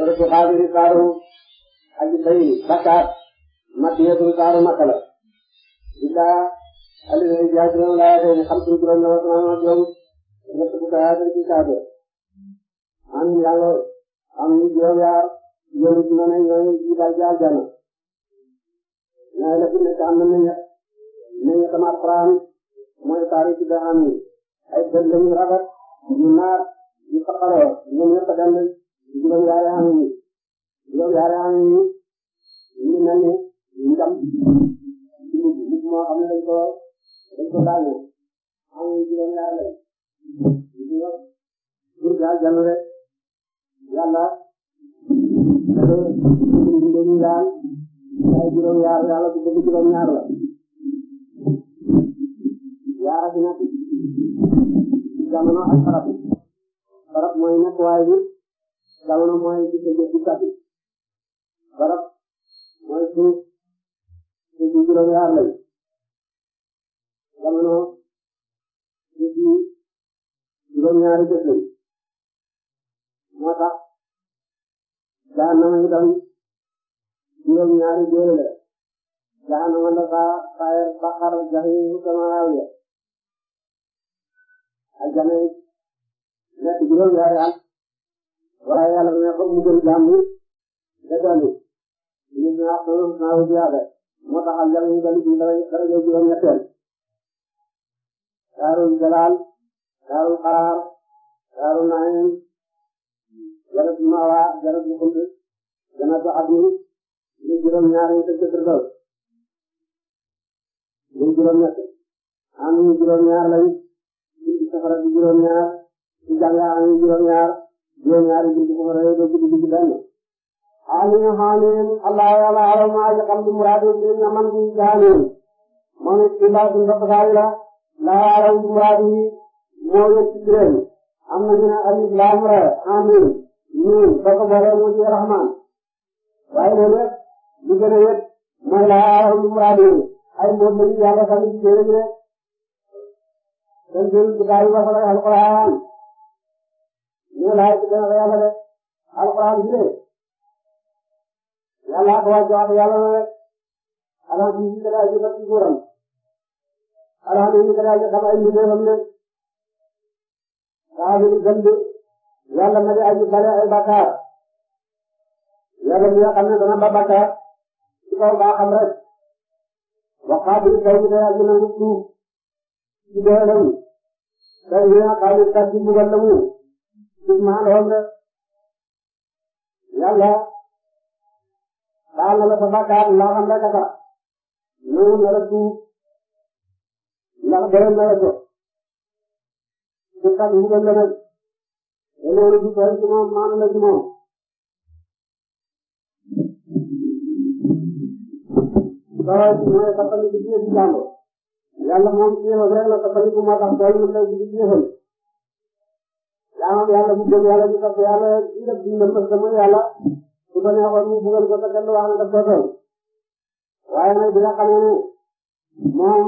dërëtu xaalis yi saaru aji bay bakkaat matiyatu saaru matala illaa alina yi jaay juróom laa yaatee ni xam suñu juróom la wax naa juróom ñett bu kaa yaatee ci kaabe am yàlla am ñu juróom yaar yéen it ma ne ñooñu ci daal jaal jana ñaay la fi nekk am na nañu nañu sama alquran mooy saaru ci daa am ay dël lañu rafet ñu naar ñu faqaloo ñoom ñëpp a dem juróom yaar yaakaar naa ne ñu mel ne ndam dugub dugub moo xam ne dañ ko dañ ko laajee xam nga juróom-ñaar lañ juróom pour que àjjana rek yàlla dafa dañuy daal ay juróom-ñaar yàlla ku bëgg juróom-ñaar la yaara fi nekk jamono ak xarab xarab mooy nekk waaye bi jamono mooy gis-gis barab mooy suuf suuf bi juróomi xaaj lañ jamono suuf bi juróom-ñaari bés lañ moo tax jahannama itam juróom-ñaari jéere la jahannama dafa fayar baqar jahiim sama rawiya aljana nekk juróom-ñaari at waaye yàlla mu ne ko mu gën jàmm dëgg ñun ñu àq naaw bi yaakaar moo taxal jamono yi tamit ñu dara ñu juróom-ñetteel daarul jalaal daarul xaraar daarul naayeen jarab mawa jarab bu xunt janab abdi ñu juróom-ñaar ñu tëj firdaws ñu juróom-ñett am ñu juróom-ñaar lañ ci safara bi juróom-ñaar ci jàngaa am ñu juróom-ñaar juróom-ñaar yi ci safara alimu haanin allah yàlla alam aji xam li muraadi li nga man bi jaanin moom it illaa dun bapakaari la laa alam bi muraadi moo yëpp ci leen am na ñu ne alif laam ra amin ñun ba ko boole mu ci rahman waaye loolu yëpp li gën a yëpp mooy laa alam bi muraadi ay moom lañu yàlla sànni ci téere bi rek dañ jël bitaay ba fa alquran ñu laaj ci gën a yàlla de alquran bi de yàlla ko wàcce wax yàlla la rek alhamdulilah ka daal di fas ci góoram alhamdulilah ka daal di xam ay mbindeefam ne saa bi gëm bi yàlla na di aji bale ay bàkkaar yàlla mi nga xam ne dana ba bàkkaar ci kaw baa xam rek waxaat bi kaw bi day aji nangu tuub ci dooleem day ñëwaat xaar bi kat ci mbugal la mu yàlla baal na la sa bàkkaar laa xam rek a tax ñëw na la tuub ndax borom na la ko su tax mbugal la nag te loolu du doy ci moom maanu la ci moom dawal ci mooy taxali bi ci ci jàmbur yàlla moom ci yow rek la taxali bu moo tax doy mu lay ci yéexal yaa yàlla bu gëm yàlla ñu tax yàlla ñu def di mën a yàlla su ko neexoon mu bugal ko te dellu wax ne daf ko tooñ waaye nag bi nga xam ne moom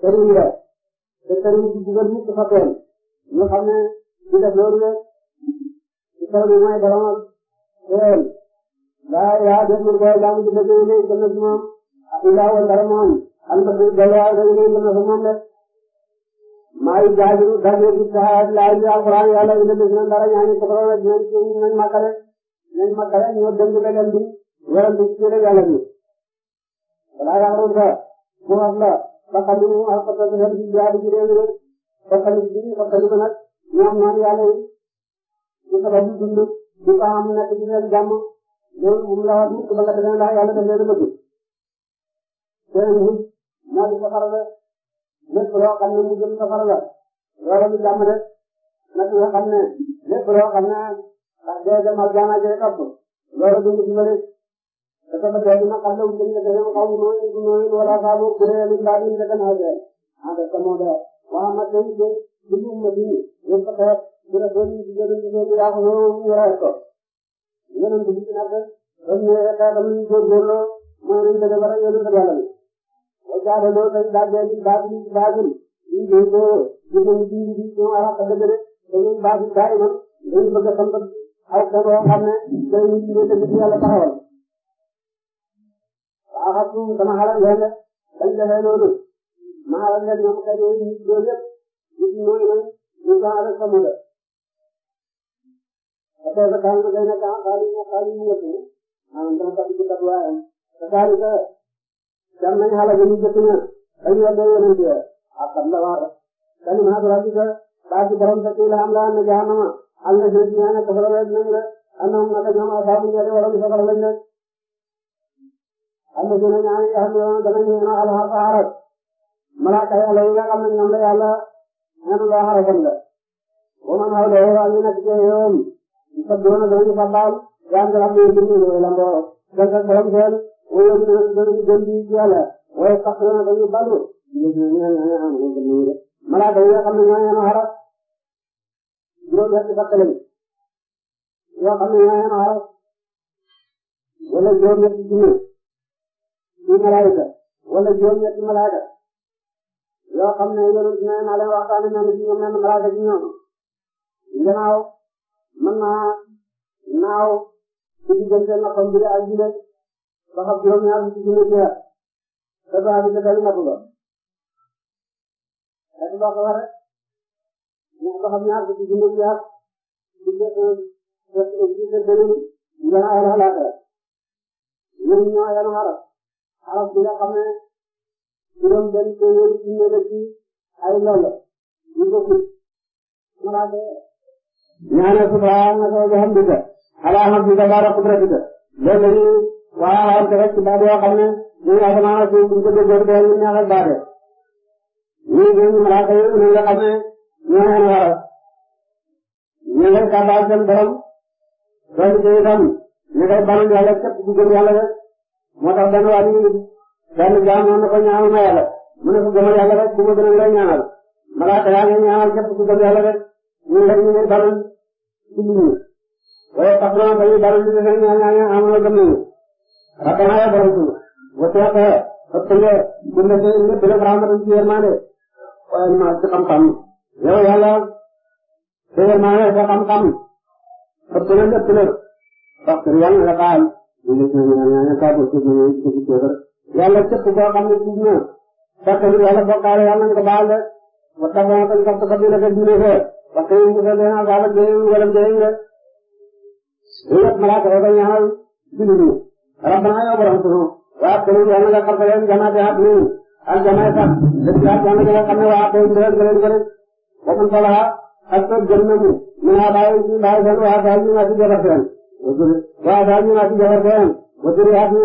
sëriñ la te sëriñ si bugal nit dafa tooñ ñu xam ne ci def loolu rek ci kaw bi mooy boromam réel daa yaa def na koy daa mu dëgg yi ne gën na si moom ak daa woon dara moom am na ko dalwaay rek ne gën na si moom rek maa ngi jaajëfal daal di gis daal di laaj alquran yàlla dara ñaari ko borom rek dinañ dinañ màkkale ñoom Makka rek ñoo dëng dëggal bi werante ci téere Yàlla bi wala yaaru da mu wax la ba xam ne moom ak xatal xel bi yaa di réew rek ba xam ne bi ba xam ne nag ñoom ñaan Yàlla yi ñu sabab di dund di ko am nekk ci seen jàmm loolu bu mu la wax mukk ba nga defee ndax Yàlla daf leen bëgg seen hut moo di safara la lépp loo xam ne mu jëm safara la loolu lu jàmm rek nag nga xam ne lépp loo xam ne ndax dee dem aljana ji rek am ko loolu dund bi bëri te sama dee dina xam ne wuñ la defee xaw nooy nooy wala saabu bu dee lu ndax ñu def naa dee ah def sama dee waa ma tey de bu ñu ma bind ñu ko xeet bu la doon ñu jël ñu jël yaa ko ñu raay ko yeneen bi ci nak dañ ne ka dam ñu jël jël lo mo ñu def bara ñu def yàlla ni wa jaade lo tay daal de ci baat ni baat ni ñu jël ko ñu ñu bind ñu ara ka dëgg de dañu baat daay man dañu bëgg xam ak da doon xam ne day yëkkati ci yàlla taxawal waaw xam nga dama xaaral leen de dañ defee loolu ma xaaral leen ñoom kay yooyu loolu yëpp nit ñi mooy nag ñu doon avec sa mode. parce que dañ ko day nekk ah xaalis moom xaalis mu yëpp maanaam dama tax ci kat waayam te xaalis que dem nañ xaaral ba ñu jëkk ña dañ yor day yonent ya ak xam la waar dañu maa dara ci que baa ci borom sa kii la am laa ne jaanama am na jërëjëf ñaar ak soxla lañ leen rek am na moom naka ñoom asaabu ñaari waroon soxla lañ leen am na jërëjëf ñaar yi nga xam ne moom danañ ñu naan alxaras malaaka yàlla yi nga xam ne ñoom la yàlla ñaata loo xarafoon la. wa man xaw doo waa ñu nekk ci yoon yi sax doon na danañu fa baal yaa ngi am lu ñu la mboo dëgg ak borom seen wala ñu naan danañu gën di yàlla waaye sax doon na dañu balu ñu ñu ñu am malaaka yi nga xam ne ñoo ñaan xaras juróom ñetti bakk lañ yoo xam ne ñoo yem aras wala juróom ñetti junne ci malaayika wala juróom ñetti malaayika yoo xam ne yonent nee naa leen waxtaane nañu ci ñoom menn malaayika ci ñoom gannaaw mën naa naaw ci diggante naqam bi ak junne ba xam juróom ñaar ci junne ci weer te baax bi ca kay napp ba ñu ko xam ñaar ci dina jaar ci def ci def beneen nga ay halaka ñun ñoo yan xaraf xaraf bi nga xam ne juróom benn téeméer ci ne ci ay loolu ñu ko ci malaaka ñaane subhanaka wa bihamdika ala hamdika bara qudratika loolu ñu waa xaraf rek ci baat yoo xam ne ñu nga sama na suuf ñu ko déggoo ko ñu ñaaxal baate ñu ñu malaaka yi ñu nga xam ne ñoo leen war a ñu ngay kàllaal seen borom doon ci itam ñu ngay balul yàlla képp ku gëm yàlla rek moo tax benn waa nii benn jaam noonu ko ñaanal ma yàlla mu ne ko gëmal yàlla rek ku ma gën a ngay ñaanal malaaka yaa ngi ñaanal képp ku gëm yàlla rek ñun rek ñu ngay balul ci nit ñi waaye sax doon dañuy balul li nga ñaan ñaan ñaan amoon gëm nañu rabbana ya borom suuf wa teexee ëpp nga dund ci lépp lépp raamatan ci yermande waaye ma ci xam-xam yow yàlla tegal maa ne sa xam-xam ëpp na lépp la parce que yàlla na la baal ñu ngi suñu ñaan ñaan saa bu suñu ñaan ci ci tegal yàlla képp koo xam ne tuub na parce que yàlla bokkaale yàlla nga baal de wa taxaw ko nga ko dina ko dina ko parce que ñu ko dina baal de wala de nga yépp malaaka ko ñaanal julli ni rabbana ya borom sunu wa ko yàlla nga xarta leen jamaati at ni al jamaati sax def la jamaati nga xam ne waa ko ndël ndël Abu Talha ak sa gën na ñu ñu naa bàyyi ñu bàyyi seen waa daal ñu naa ci jabar seen waa daal ñu naa ci jabar seen wa turi ak ñu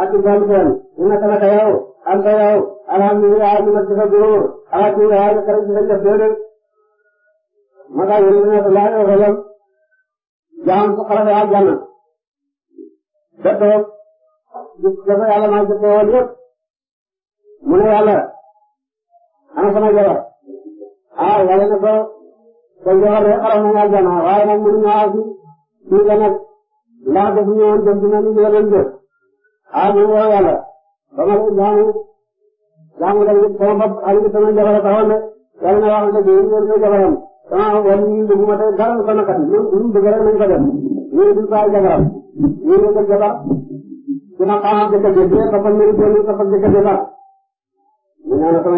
ak ci gàll seen ñu nekk naka yow am ta yow alhamdulilah ñu nekk sa góor ak ñu yaa ñu xarit ci sa jëf déedéet ma kaa yële ñu nekk laa yow xelal jaam su xalaat yaa jànn ba toog gis dafa yàlla maa jëf woon yëpp mu ne yàlla ana sama jabar ah waaye nag ba ba joxoon rek xaroon nañu aljana waaye nag mënuñu aw si fii la nag ndax dafa ñëwoon jëm dina ñu jëlee doon jëf ah man loolu yàlla ba ma leen jaamu jaamu dañuy sama bopp de yàlla na waxal dëgg yéen ñëpp ñooy jabaram sama wàllu ñun dugg ma tey dara lu ko nakati ñun ñun dëgg rek nañ ko dem jabar dina xaaral jëkkër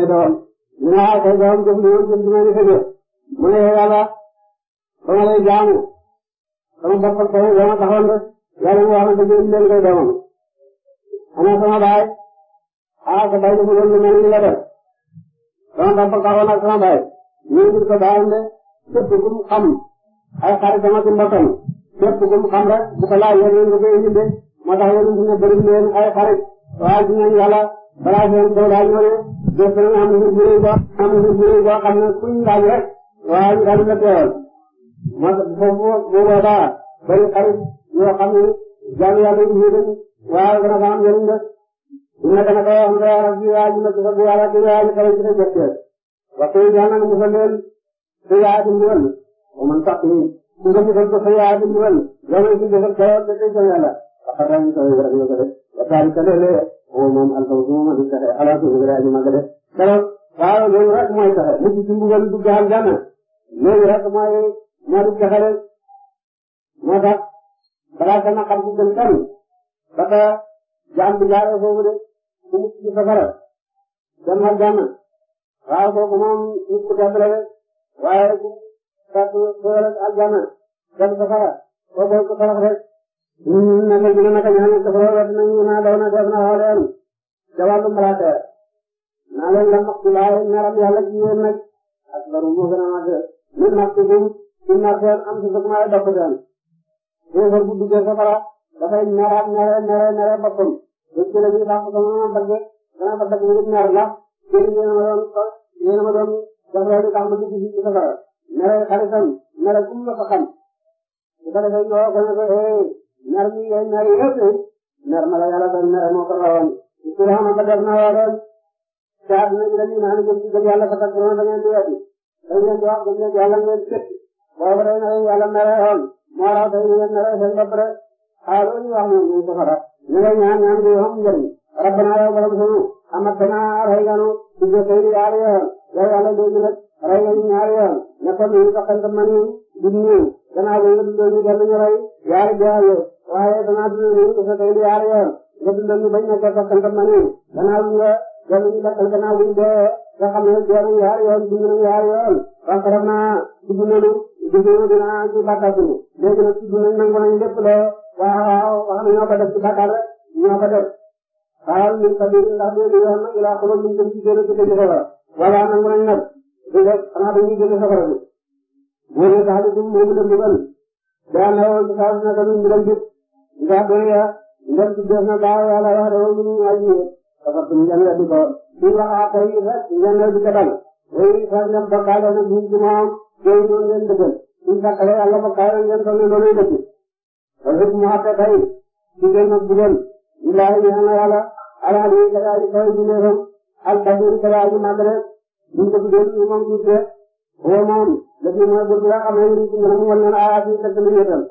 jëkkër ñu ne ah kay ba xam jëf na woon jëf dina nekk de mu ne yàlla ba ma lay jaamu sama bopp ak sama dama taxoon rek yàlla ñu waxoon dëgg yàlla ñu koy doomam. xanaa sama baay ah sa baay dafa doon lu mel ni la def sama bopp taxoon ak sama baay ñu ngi ko baayam de képp ku mu xam ay xaritam ak mbokkam képp ku mu xam rek bu ko laaj yéen a ngi koy indi de moo tax yéen a ngi ne bëri na leen ay xarit waaye dinañ yàlla. balaa ngeen koy laaj ma ne des nañ am nañu mbir boo am nañu mbir boo xam ne kuñ laaj rek waaye ñu daal di la teewal moo tax foofu booboo daa bari xarit yoo xam ne jaamu yàlla yi ñu dem waaye dana ko am njëriñ de dina dana ko am dara ak bii waaye dina ko fa bii waaye dina ko xarit ci sa jot jot wax dëgg yàlla nañu ko leen sa yaa di ndiwal wa man sax ni ku nga defal ko sa yaa di ndiwal loolu ci defal ko te tey jëm yàlla wax dëgg yàlla ñu koy def ko def wa taal ka lee moom moom alfawzu moom du texe alaatu ilay aji mag de keroog waaw loolu rek mooy texe mu ci mbugal dugg aljanna loolu rek mooy moo di texe rek moo tax balaa sama xam ku gën kenn ba ka jaam bi jaaree foofu de ku mucc ci safara dem aljanna waaw kooku moom rek waaye ku fekk foofu rek aljanna dem safara kooku ko rek ñun ñun naka dina naka ñaanal sa borom wax dinañu naa daw na def na waa leen ca wàllu malaaka naa leen la makku laay meram yàlla ci yéen nag ak baru moo gën a màgg min makku bu ci marteen am si sukk maay dokk teen kéefar bu duggee safara dafay meraat mere mere mere boppam dëkk la ñuy baax ko ma bëgg dana ko bëgg mu mer la yéen yéen ma doon ko yéen ma doon def loolu tax ma dugg ci safara mere xaritam mere kum la ko xam su ko defee ñoo ko ne ko mer mi ngay mer yëpp mer ma la yàlla doon mer moo ko rawoon Firawna ba def na waroon caat na dañuy naan ngeen ci gëm yàlla ba tax da ngeen di weddi da ngeen di wax gëm ngeen yàlla ngeen tëj boobu day na yàlla merewoon moo raw day ngeen mere seen bopp rek xaaru ñu wax ñu ñu safara ñu lay ñaan ñaan bi xam njëriñ rabbana yow borom sunu amatana rey nga nu dugg tey di yaari yoon yow yàlla léegi nag rey nga ñu ñaari yoon ne ko ñu ko xel man ñu di ñu gannaaw bi ñu dellu ñu rey yaari jaay waaye danaa dund lu ñu defee lu yaar yoon nga dundal ñu bañ na ko toog sant man yi danaa lu nga jëlee ñu dakkal gannaaw buñ dee nga xam ne dee nañ yaar yoon dund nañ yaar yoon wax dëgg naa dugg nañu dugg nañu dinaa ci bàkkaar bi léegi nag dugg nañ nangu nañ lépp loo waaw waaw wax na ñoo ko def ci bàkkaar rek ñoo ko def waaw ñun sax bi ndax dégg yoon nag laa xamoon luñ dem ci gën a ci gën a safara voilà nangu nañ nag du def xanaa dañuy gën a safara bi. bu ne sax di dugg moom dem dugal daa na woon sax na ko ñu dem ndax dëgg yàlla ndem si def na baax yàlla wax dëgg yàlla ñu aji yéen dafa tudd ngeen weddi ko suñu waxaa koy rek ngeen weddi ko dal loolu sax ngeen bokkaale na biir ci moom loolu noonu ngeen dëggal suñu bàqale yàlla bokkaale ngeen toll nii loolu dëgg loolu it mu xatte tey ci gën a dugal ilaahi ñaan na yàlla alhamdi kala aji kaw ji neefam al basir kala aji màgg rek buñ ko tuddee ci moom tuuti rek woo moom lépp mooy bëgg nga xam ne ñu ngi ci ngërëm wala ayaa fi tëgg lu ñëtal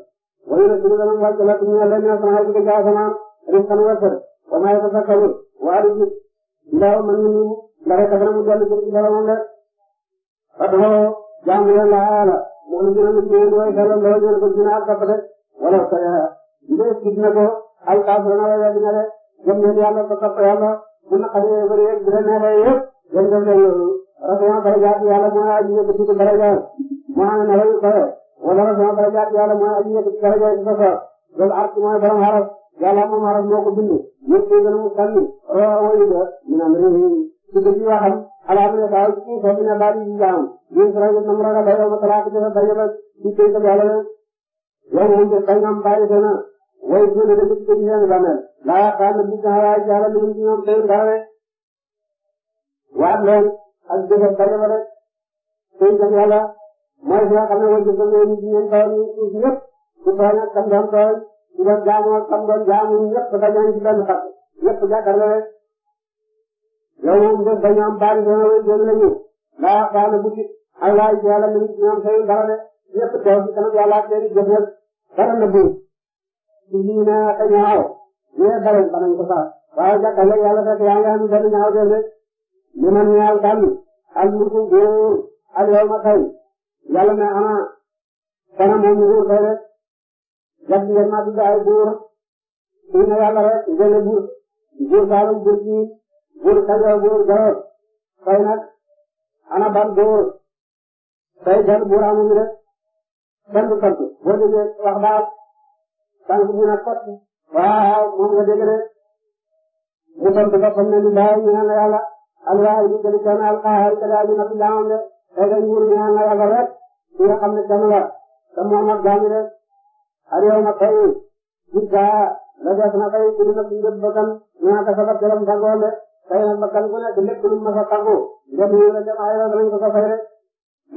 wala nag dina doon wàcc la ñu ne leen sama xarit bi asamaan risqan wërsëg wa maa yatazakkaru waa di ndaw man mi ñu ndare ka mu dellu jëm ci boromam de fatoo jaamu leen la ala moom la gën a mën a way xelam la ñu ko dina ak tapate wala ko yaa ndee gis na ko al kaafiruna la yaa dina de gëm leen yàlla ko topp yàlla bu na xamee bëri yëpp bu la neexee yëpp gëm def leen loolu rasul darajaat yàlla moo aji yëkkati ko darajaat moo amee na lañu ko wala sama darajaat yàlla mooy aji yëkk ci daraja yi dafa loolu arsh mooy borom aras yàlla moom aras moo ko bind ñëpp ñu gën a mu sànni wayu ba ñu naan réew ci dëgg waxam alaabila daaw ci suuf bi na daal di jaam ñu sura yi nam raga dayo ma talaak ci dayo ba ci tey ko yàlla yow moom de tay ngam bàyyi seen way suuna de ci ci seen bàmmeel laa xaan bu ci xalaay ci yàlla ñu ci ñoom tay dara waat leen ak jëfal dayo ba rek tay ko yàlla mooy li nga xam ne mooy jëfandikoo nit ñi ñoom tawal ñu suuf ñëpp su tawee ak kam doon tawal ka ñaaw ñee baleen banañ ko sax ma tey yàlla ne ana dana moom nguur kay rek jag ngeen ma tudd ay buur su ne yàlla rek ngeen ne buur buur Saalum buur ci buur Kajoor buur Jolof tey nag ana ban buur tey jël buur amuñu rek sant sant boo déggee wax baat tànk bi nag kot waaw moom nga dégg rek mu sant boppam ne li bàyyi ñu naan yàlla alwaay bi gën a al xaar te daal ñu nag jaamam de tey de nguur ñu naan yàlla rek ki nga xam ne kenn la te moom ak gaañu rek Aliou ma xëy gis gaa la def na xëy ci dina dund bakkan ñaata sa bët jëlam tàggoo de xëy na bakkan ku nekk lépp lu ma fa tàggoo ngeen ñëw rek dem ayoo danañ ko fa fay rek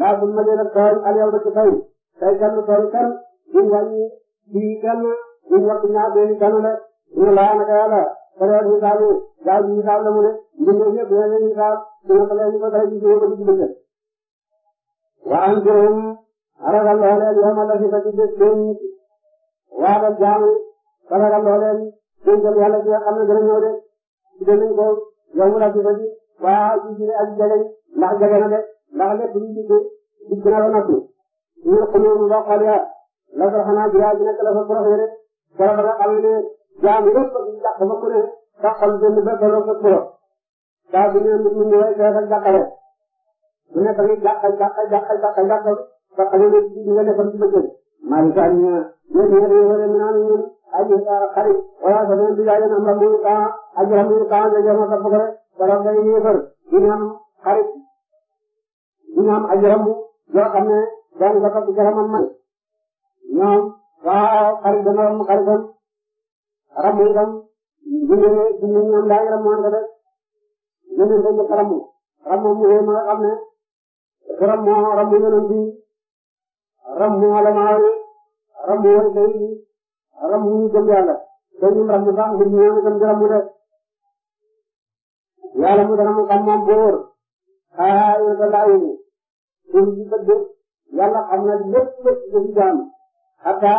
laa bu ma jëlee tool Aliou da ci fay tey kenn tool kenn duñ wàññi kii kenn duñ wax ñaar doy kenn de ñu laa naka yàlla période bi saabu gaaw bi saabu la mu de mbir ñëpp dina leen ñu saabu dina ko leen ñu ko dara ci jiw ko ci dëkk. ragal loo leen yomal la si ba ci bés benn nit waaye jaamu ba ragal loo leen déggal yàlla ci nga xam ne dana ñëw de ci danañ ko yomal la si ba ci waaw ci biir ak jege ndax jege na de ndax lépp lu ci gis gën a ba noppi ñu xulóom ba xool ya la ko xanaa biyaa bi nekk la fa proxee de keroog nga xam ne jaamu yëpp dàq ba ku ne dàqal benn ba keroog sa pro saa bu ñëw nit ñi ñëwee keroog ak dàqale bu nekk nit dàqal dàqal dàqal dàqal dàqal فقالوا لي لك فضل ما كان يريد من ان اجل خرج ولا تدون بجاي امر موسى اجل موسى جمع تفكر ولم يفر انهم خرج انهم اجرم جو خمنا دان لقد جرم من ñoom waa xarit dana ram xaritam ramu itam jigéen jigéen ñoom daañu ramuwante de jigéen dañu ramu ramu mu wéy ma nga xam ne ramu ramu yonent bi rammu alamaaru rammu way tey rammu ñu gëm yàlla te ñun rammu sax ñun ñoo ñu gëm di mu dana mu xam moom boo wër xaaral yow de laaj yi ñu. na lépp lépp lu ci